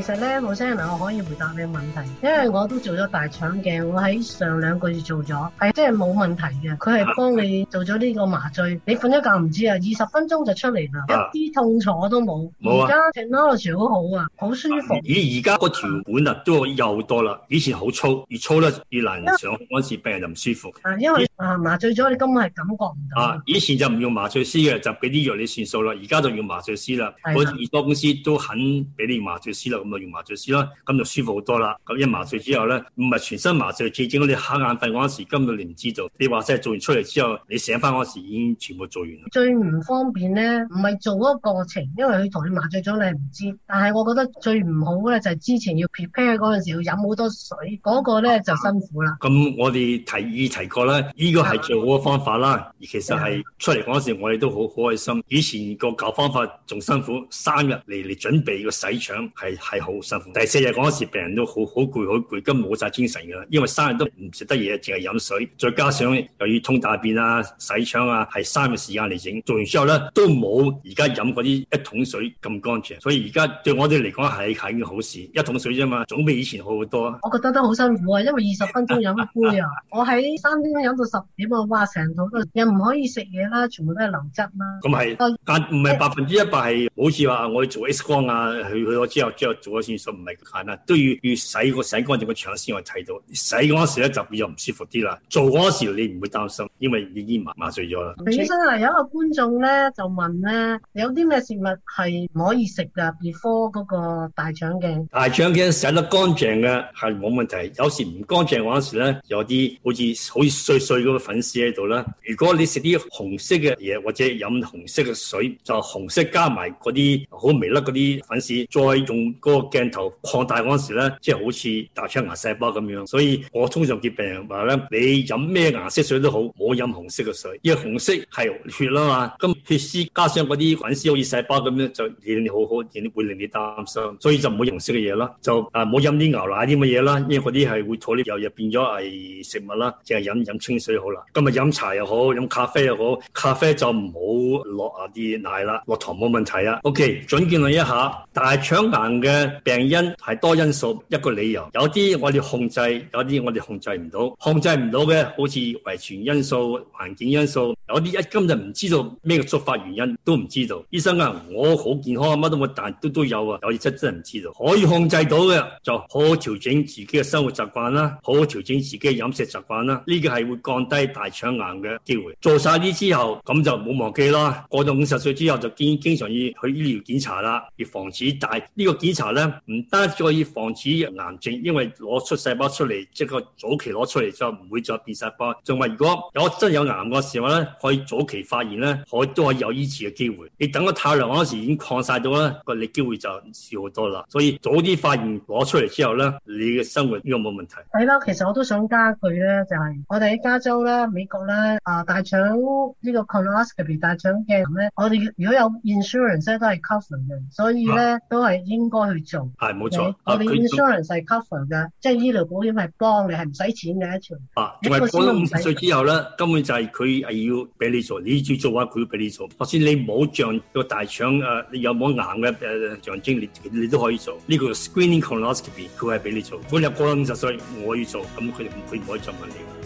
其實咧，冇聲啊！我可以回答你問題，因為我都做咗大腸鏡，我喺上兩個月做咗，係即係冇問題嘅。佢係幫你做咗呢個麻醉，你瞓咗覺唔知啊，二十分鐘就出嚟啦，啊，一啲痛楚都冇。冇啊，而家隻 nose 好好啊，好舒服。咦？而家個條管啊，都又多啦，以前好粗，越粗咧越難上。嗰陣時病人就唔舒服。啊，啊越越因為，啊因為啊，麻醉咗你根本係感覺唔到。啊，以前就唔用麻醉師嘅，就俾啲藥你算數啦。而家就用麻醉師啦，好多、啊、公司都肯俾你麻醉師啦。咁麻醉師啦，咁就舒服好多啦。咁一麻醉之後咧，唔係全身麻醉，只係到你瞌眼瞓嗰陣時。根本你唔知道，你話真係做完出嚟之後，你醒翻嗰時已經全部做完。最唔方便咧，唔係做嗰個過程，因為佢同你麻醉咗，你係唔知。但係我覺得最唔好咧，就係之前要 prepare 嗰陣時要飲好多水，嗰、那個咧就辛苦啦。咁我哋提議提過啦，呢、這個係最好嘅方法啦。而其實係出嚟嗰陣時，我哋都好好開心。以前個搞方法仲辛苦，三日嚟嚟準備個洗腸係係。好辛苦。第四日嗰陣時病人都好好攰，好攰，根本冇晒精神噶。因為三日都唔食得嘢，淨係飲水，再加上由於通大便啊、洗腸啊，係三個時間嚟整。做完之後咧，都冇而家飲嗰啲一桶水咁乾淨。所以而家對我哋嚟講係係一件好事，一桶水啫嘛，總比以前好好多。我覺得都好辛苦啊，因為二十分鐘飲一杯啊， 啊啊啊我喺三點鐘飲到十點啊，哇，成肚都又唔可以食嘢啦，全部都係流質啦。咁係，但唔係、啊、百分之一百係，好似話我去做 X 光啊，去去咗之後之後做嗰個算數唔係簡單，都要要洗個洗乾淨個腸先可以睇到。洗嗰時咧就比較唔舒服啲啦。做嗰時候你唔會擔心，因為已經麻麻醉咗啦。李醫生啊，有一個觀眾咧就問咧，有啲咩食物係唔可以食噶 before 嗰個大腸鏡，大腸鏡洗得乾淨嘅係冇問題。有時唔乾淨嗰時咧，有啲好似好似碎碎嗰個粉絲喺度啦。如果你食啲紅色嘅嘢或者飲紅色嘅水，就紅色加埋嗰啲好微粒嗰啲粉絲，再用、嗰個鏡頭擴大嗰時咧，即係好似大腸癌細胞咁樣，所以我通常建病人話咧，你飲咩顏色水都好，唔好飲紅色嘅水，因為紅色係血啦嘛，咁血絲加上嗰啲粉絲，好似細胞咁樣，就令你好好，會令你擔心，所以就唔好紅色嘅嘢啦，就啊唔好飲啲牛奶啲乜嘢啦，因為嗰啲係會坐呢入入變咗係食物啦，淨係飲飲清水好啦，今日飲茶又好，飲咖啡又好，咖啡就唔好落啊啲奶啦，落糖冇問題啊，OK，總結論一下，大腸癌嘅。病因係多因素，一個理由，有啲我哋控制，有啲我哋控制唔到。控制唔到嘅，好似遺傳因素、環境因素，有啲一今就唔知道咩嘅觸發原因都唔知道。醫生啊，我好健康乜都冇，但都都有啊，有啲真真唔知道。可以控制到嘅，就好好調整自己嘅生活習慣啦，好好調整自己嘅飲食習慣啦，呢個係會降低大腸癌嘅機會。做晒啲之後，咁就冇忘記啦。過到五十歲之後，就經常要去醫療檢查啦，要防止大呢個檢查咧。唔單止可以防止癌症，因為攞出細胞出嚟，即係個早期攞出嚟，就唔會再變細胞。仲話如果有真有癌嘅時候咧，可以早期發現咧，可以都係有醫治嘅機會。你等個太 late 嗰時已經擴晒咗啦個你機會就少好多啦。所以早啲發現攞出嚟之後咧，你嘅生活呢個冇問題。係啦，其實我都想加句咧，就係、是、我哋喺加州啦、美國啦、啊、呃、大腸呢、這個 colonoscopy 大腸鏡咧，我哋如果有 insurance 呢，都係 cover 嘅，所以咧、嗯、都係應該去。係，冇錯。我哋 insurance 係 cover 嘅，即係醫療保險，係幫你，係唔使錢嘅一場。啊，因為過咗五十歲之後咧，根本就係佢係要俾你做，你要做做話佢要俾你做。就算你冇像個大腸你、啊、有冇癌嘅，誒，象徵，你你都可以做。呢、這個 screening colonoscopy 佢係俾你做。如果你過咗五十歲我要做，咁佢佢唔可以再問你。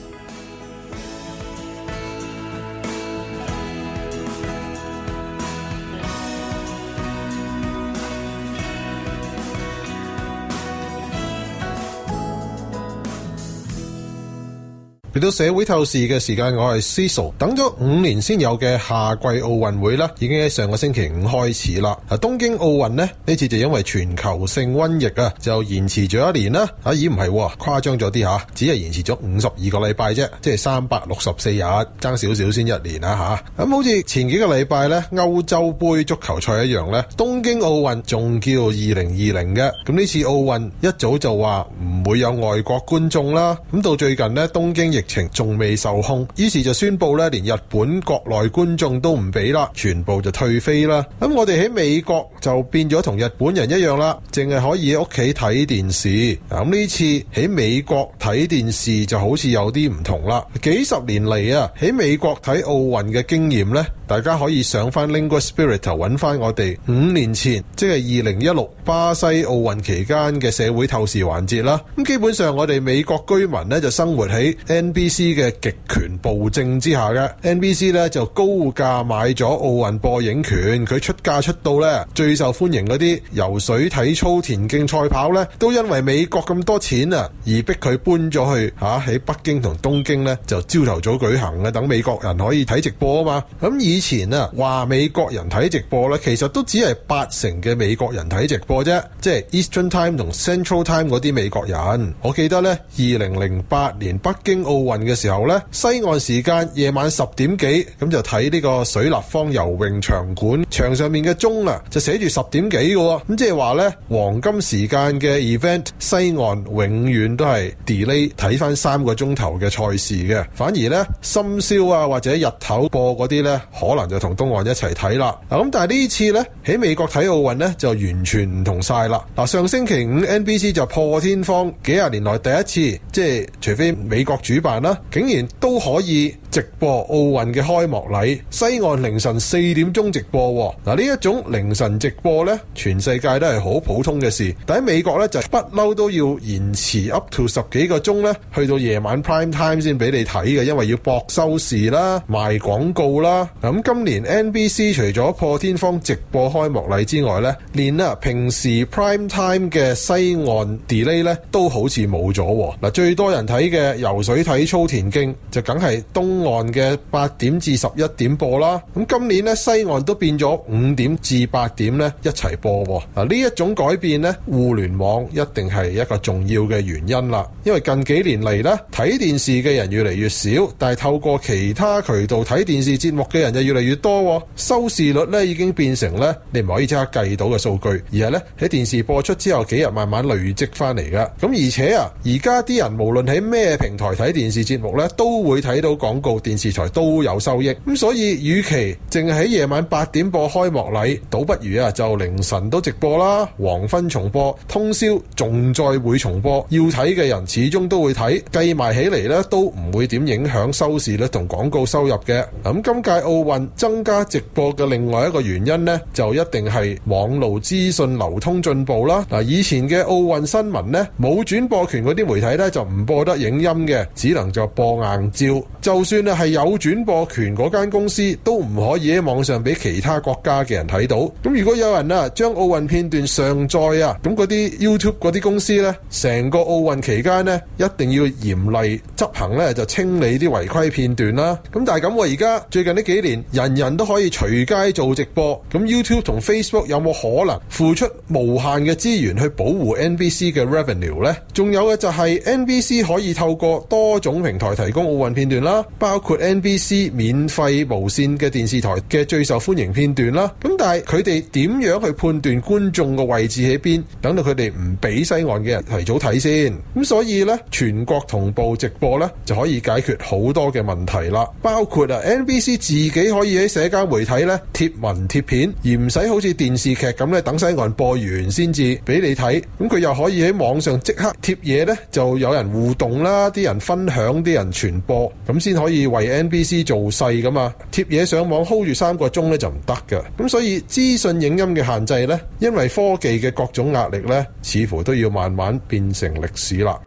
嚟到社會透視嘅時間，我係 Ciso。等咗五年先有嘅夏季奧運會啦，已經喺上個星期五開始啦。啊，東京奧運呢，呢次就因為全球性瘟疫啊，就延遲咗一年啦，啊。啊，咦唔係，哦，誇張咗啲吓，只係延遲咗五十二個禮拜啫，即係三百六十四日，爭少少先一年啦，啊，吓。咁好似前幾個禮拜呢，歐洲杯足球賽一樣呢，東京奧運仲叫二零二零嘅。咁呢次奧運一早就話唔會有外國觀眾啦。咁到最近呢，東京亦疫情仲未受控，於是就宣布咧，連日本國內觀眾都唔俾啦，全部就退飛啦。咁我哋喺美國就變咗同日本人一樣啦，淨係可以喺屋企睇電視。咁呢次喺美國睇電視就好似有啲唔同啦。幾十年嚟啊，喺美國睇奧運嘅經驗呢。大家可以上翻 Lingua Spirit 搵翻我哋五年前，即係二零一六巴西奧運期間嘅社會透視環節啦。咁基本上我哋美國居民呢，就生活喺 NBC 嘅極權暴政之下嘅。NBC 呢，就高價買咗奧運播映權，佢出價出到呢，最受歡迎嗰啲游水、體操、田徑、賽跑呢，都因為美國咁多錢啊，而逼佢搬咗去吓喺北京同東京呢，就朝頭早舉行啊，等美國人可以睇直播啊嘛。咁以前啊，話美國人睇直播咧，其實都只係八成嘅美國人睇直播啫，即係 Eastern Time 同 Central Time 嗰啲美國人。我記得呢，二零零八年北京奧運嘅時候呢，西岸時間夜晚十點幾，咁就睇呢個水立方游泳場館場上面嘅鐘啊，就寫住十點幾嘅，咁即係話呢，黃金時間嘅 event，西岸永遠都係 delay 睇翻三個鐘頭嘅賽事嘅，反而呢，深宵啊或者日頭播嗰啲呢。可能就同東岸一齊睇啦，咁但係呢次呢，喺美國睇奧運呢，就完全唔同晒啦，嗱，上星期五 NBC 就破天荒幾廿年來第一次，即係除非美國主辦啦，竟然都可以。直播奧運嘅開幕禮，西岸凌晨四點鐘直播。嗱呢一種凌晨直播呢，全世界都係好普通嘅事。但喺美國呢，就不嬲都要延遲 up to 十幾個鐘呢，去到夜晚 prime time 先俾你睇嘅，因為要博收視啦、賣廣告啦。咁今年 NBC 除咗破天荒直播開幕禮之外呢，連啊平時 prime time 嘅西岸 delay 呢都好似冇咗。嗱，最多人睇嘅游水、體操、田徑就梗係東。岸嘅八點至十一點播啦，咁今年咧西岸都變咗五點至八點咧一齊播、啊。嗱呢一種改變咧，互聯網一定係一個重要嘅原因啦。因為近幾年嚟咧，睇電視嘅人越嚟越少，但係透過其他渠道睇電視節目嘅人就越嚟越多、啊。收視率咧已經變成咧，你唔可以即刻計到嘅數據，而係咧喺電視播出之後幾日慢慢累積翻嚟噶。咁而且啊，而家啲人無論喺咩平台睇電視節目咧，都會睇到廣告。電視台都有收益，咁所以與其淨係夜晚八點播開幕禮，倒不如啊就凌晨都直播啦，黃昏重播，通宵仲再會重播，要睇嘅人始終都會睇，計埋起嚟咧都唔會點影響收視率同廣告收入嘅。咁今屆奧運增加直播嘅另外一個原因咧，就一定係網路資訊流通進步啦。嗱，以前嘅奧運新聞咧，冇轉播權嗰啲媒體咧，就唔播得影音嘅，只能就播硬照，就算。係、啊、有轉播權嗰間公司都唔可以喺網上俾其他國家嘅人睇到。咁如果有人啊將奧運片段上載啊，咁嗰啲 YouTube 嗰啲公司呢，成個奧運期間呢，一定要嚴厲執行呢，就清理啲違規片段啦。咁但係咁，我而家最近呢幾年，人人都可以隨街做直播，咁 YouTube 同 Facebook 有冇可能付出無限嘅資源去保護 NBC 嘅 revenue 呢？仲有嘅就係 NBC 可以透過多種平台提供奧運片段啦。包括 NBC 免費無線嘅電視台嘅最受歡迎片段啦，咁但係佢哋點樣去判斷觀眾嘅位置喺邊？等到佢哋唔俾西岸嘅人提早睇先，咁所以呢，全國同步直播呢，就可以解決好多嘅問題啦。包括啊 NBC 自己可以喺社交媒體呢貼文貼片，而唔使好似電視劇咁咧等西岸播完先至俾你睇，咁佢又可以喺網上即刻貼嘢呢，就有人互動啦，啲人分享，啲人傳播，咁先可以。以為 NBC 造勢噶嘛，貼嘢上網 hold 住三個鐘咧就唔得嘅，咁所以資訊影音嘅限制呢，因為科技嘅各種壓力呢，似乎都要慢慢變成歷史啦。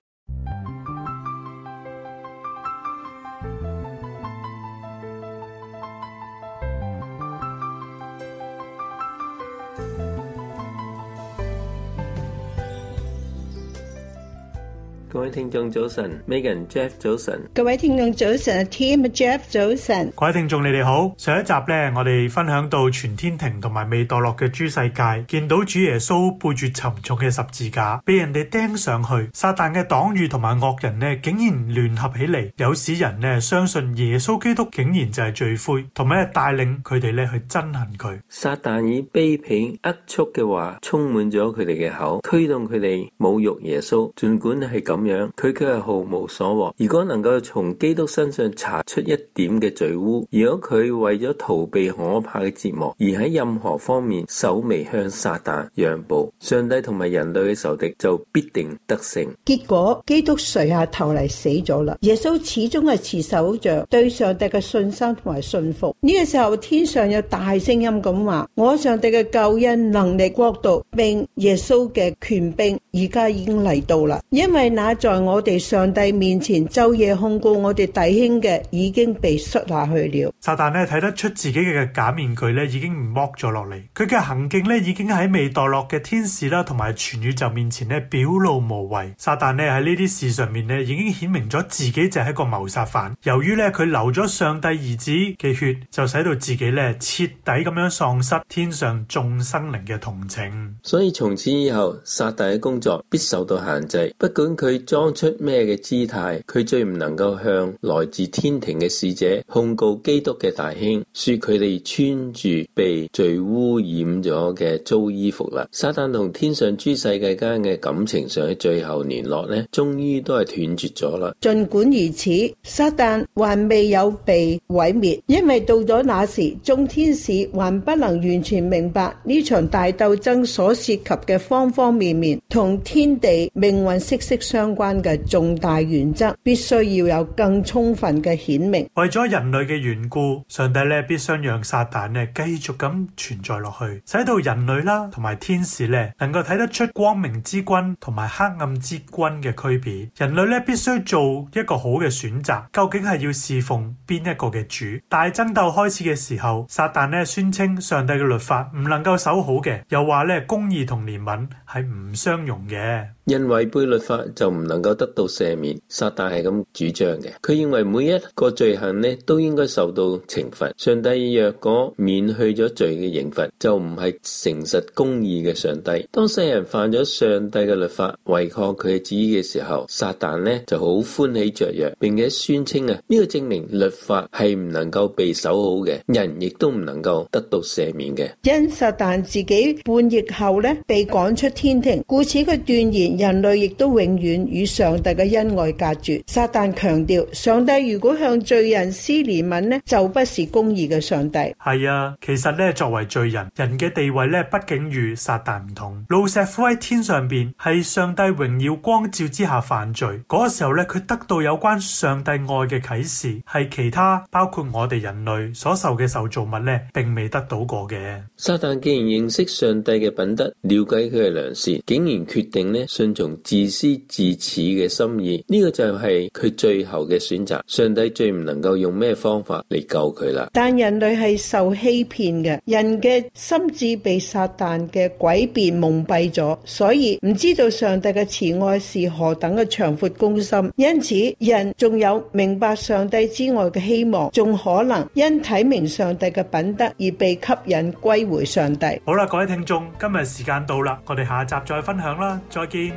聽眾早晨，Megan Jeff 早晨，各位聽眾早晨啊，Tim Jeff 早晨，各位聽眾你哋好。上一集咧，我哋分享到全天庭同埋未墮落嘅諸世界，見到主耶穌背住沉重嘅十字架，俾人哋釘上去。撒旦嘅黨羽同埋惡人咧，竟然聯合起嚟，有使人咧相信耶穌基督竟然就係罪魁，同埋帶領佢哋咧去憎恨佢。撒但以卑鄙齷齪嘅話，充滿咗佢哋嘅口，驅動佢哋侮辱耶穌。盡管係咁樣。佢佢係毫無所獲。如果能夠從基督身上查出一點嘅罪污，如果佢為咗逃避可怕嘅折磨，而喺任何方面稍微向撒但讓步，上帝同埋人類嘅仇敵就必定得勝。結果基督垂下頭嚟死咗啦。耶穌始終係持守着對上帝嘅信心同埋信服。呢、這個時候天上有大聲音咁話，我上帝嘅救恩能力國度，並耶穌嘅權柄，而家已經嚟到啦。因為那在我哋上帝面前晝夜控告我哋弟兄嘅，已經被摔下去了。撒旦咧睇得出自己嘅假面具已經唔剝咗落嚟，佢嘅行徑已經喺未墮落嘅天使啦，同埋全宇宙面前表露無遺。撒旦咧喺呢啲事上面已經顯明咗自己就係一個謀殺犯。由於咧佢流咗上帝兒子嘅血，就使到自己咧徹底咁樣喪失天上眾生靈嘅同情。所以從此以後，撒旦嘅工作必受到限制。不管佢當出咩嘅姿態，佢最唔能夠向來自天庭嘅使者控告基督嘅大兄，說佢哋穿住被罪污染咗嘅租衣服啦。撒旦同天上諸世界間嘅感情上嘅最後聯絡呢，終於都係斷絕咗啦。盡管如此，撒旦還未有被毀滅，因為到咗那時，眾天使還不能完全明白呢場大鬥爭所涉及嘅方方面面，同天地命運息息相關。嘅重大原則，必須要有更充分嘅顯明。為咗人類嘅緣故，上帝咧必須讓撒旦咧繼續咁存在落去，使到人類啦同埋天使咧能夠睇得出光明之君同埋黑暗之君嘅區別。人類咧必須做一個好嘅選擇，究竟係要侍奉邊一個嘅主？大爭鬥開始嘅時候，撒旦咧宣稱上帝嘅律法唔能夠守好嘅，又話咧公義同憐憫係唔相容嘅。因違背律法就唔能夠得到赦免，撒但係咁主張嘅。佢認為每一個罪行呢都應該受到懲罰。上帝若果免去咗罪嘅刑罰，就唔係誠實公義嘅上帝。當世人犯咗上帝嘅律法，違抗佢嘅旨意嘅時候，撒但呢就好歡喜雀躍，並且宣稱啊呢個證明律法係唔能夠被守好嘅，人亦都唔能夠得到赦免嘅。因撒但自己叛逆後呢被趕出天庭，故此佢斷言。人類亦都永遠與上帝嘅恩愛隔絕。撒旦強調，上帝如果向罪人施憐憫呢，就不是公義嘅上帝。係啊，其實咧，作為罪人，人嘅地位咧，畢竟與撒旦唔同。路西弗喺天上邊，係上帝榮耀光照之下犯罪，嗰個時候咧，佢得到有關上帝愛嘅啟示，係其他包括我哋人類所受嘅受造物咧，並未得到過嘅。撒旦既然認識上帝嘅品德，了解佢嘅良善，竟然決定呢。從自私自恥嘅心意，呢、這個就係佢最後嘅選擇。上帝最唔能夠用咩方法嚟救佢啦。但人類係受欺騙嘅，人嘅心智被撒旦嘅詭辯蒙蔽咗，所以唔知道上帝嘅慈愛是何等嘅長闊公心。因此，人仲有明白上帝之外嘅希望，仲可能因睇明上帝嘅品德而被吸引歸回上帝。好啦，各位聽眾，今日時間到啦，我哋下集再分享啦，再見。